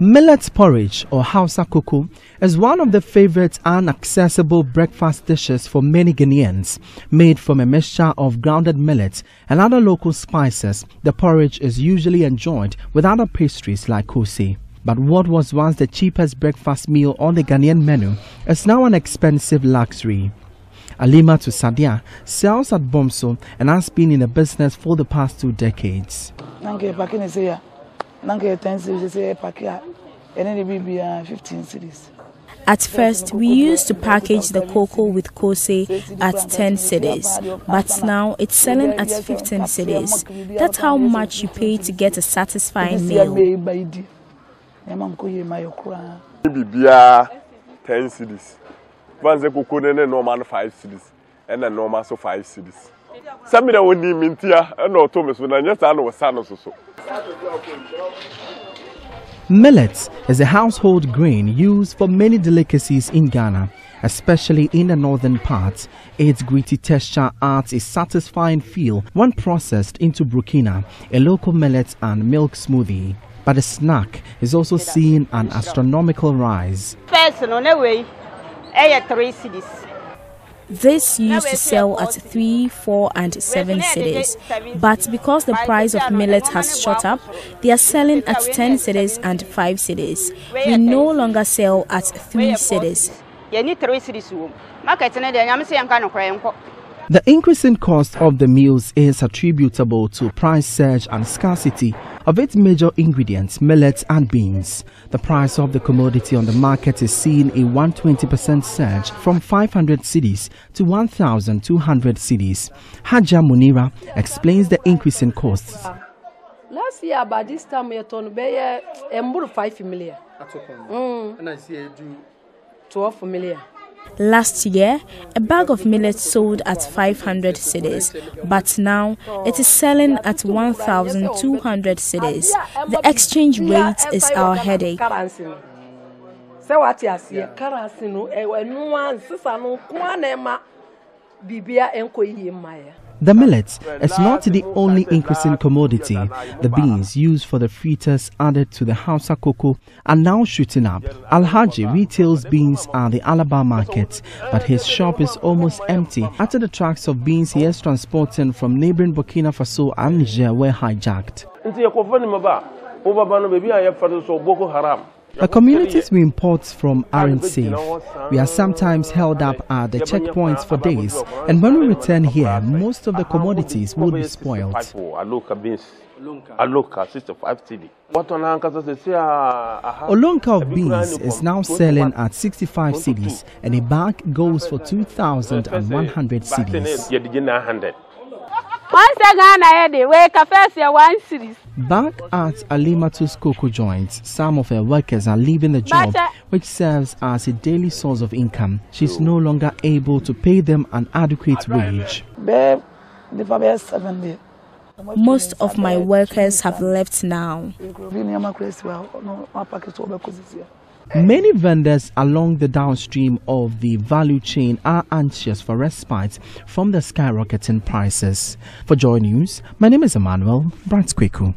Millet porridge or Hausa kuku is one of the favorite and accessible breakfast dishes for many Ghanaians. Made from a mixture of grounded millet and other local spices, the porridge is usually enjoyed with other pastries like kosi. But what was once the cheapest breakfast meal on the Ghanaian menu is now an expensive luxury. Alima to Sadia sells at Bomso and has been in the business for the past two decades. Thank you. na nkɛ 10 series sɛ ɛpake a ɛne ne biribiaa 15 series At first, we used to package the cocoa with kose at 10 cities, but now it's selling at 15 cities. That's how much you pay to get a satisfying meal. Bibia 10 cities. Once the cocoa, then normal 5 cities, and then normal so 5 cities. Some of the one mintia, and no Thomas, when I just know Millet is a household grain used for many delicacies in Ghana, especially in the northern parts. Its gritty texture adds a satisfying feel when processed into Burkina, a local millet and milk smoothie. But the snack is also seeing an astronomical rise. way. Three cities. This used to sell at 3, 4, and 7 cities. but because the price of millet has shot up, they are selling at 10 cities and 5 cities. We no longer sell at 3 cities. The increasing cost of the meals is attributable to price surge and scarcity of its major ingredients, millets and beans. The price of the commodity on the market is seeing a 120% surge from 500 cities to 1,200 cities. Haja Munira explains the increasing costs. Last year, by this time, we had about 5 million. That's Mm. And I see eh, you do 12 million. Last year, a bag of millet sold at 500 cedis, but now it is selling at 1,200 cedis. The exchange rate is our headache. Eh, eh, The millet is not the only increasing commodity. The beans used for the fritters added to the Hausa cocoa are now shooting up. Alhaji retails beans at the Alaba market, but his shop is almost empty after the trucks of beans he is transporting from neighboring Burkina Faso and Niger were hijacked. The communities we import from aren't safe. We are sometimes held up at the checkpoints for days, and when we return here, most of the commodities will be spoiled. Ah, ah, ah. Olonka of beans is now selling at 65 cities, and a bag goes for 2,100 cities. I had wake one series. Back at Alimatu's cocoa joint, some of her workers are leaving the job, uh, which serves as a daily source of income. She's no longer able to pay them an adequate wage. Most of my workers have left now. Many vendors along the downstream of the value chain are anxious for respite from the skyrocketing prices. For Joy News, my name is Emmanuel Bratsqueku.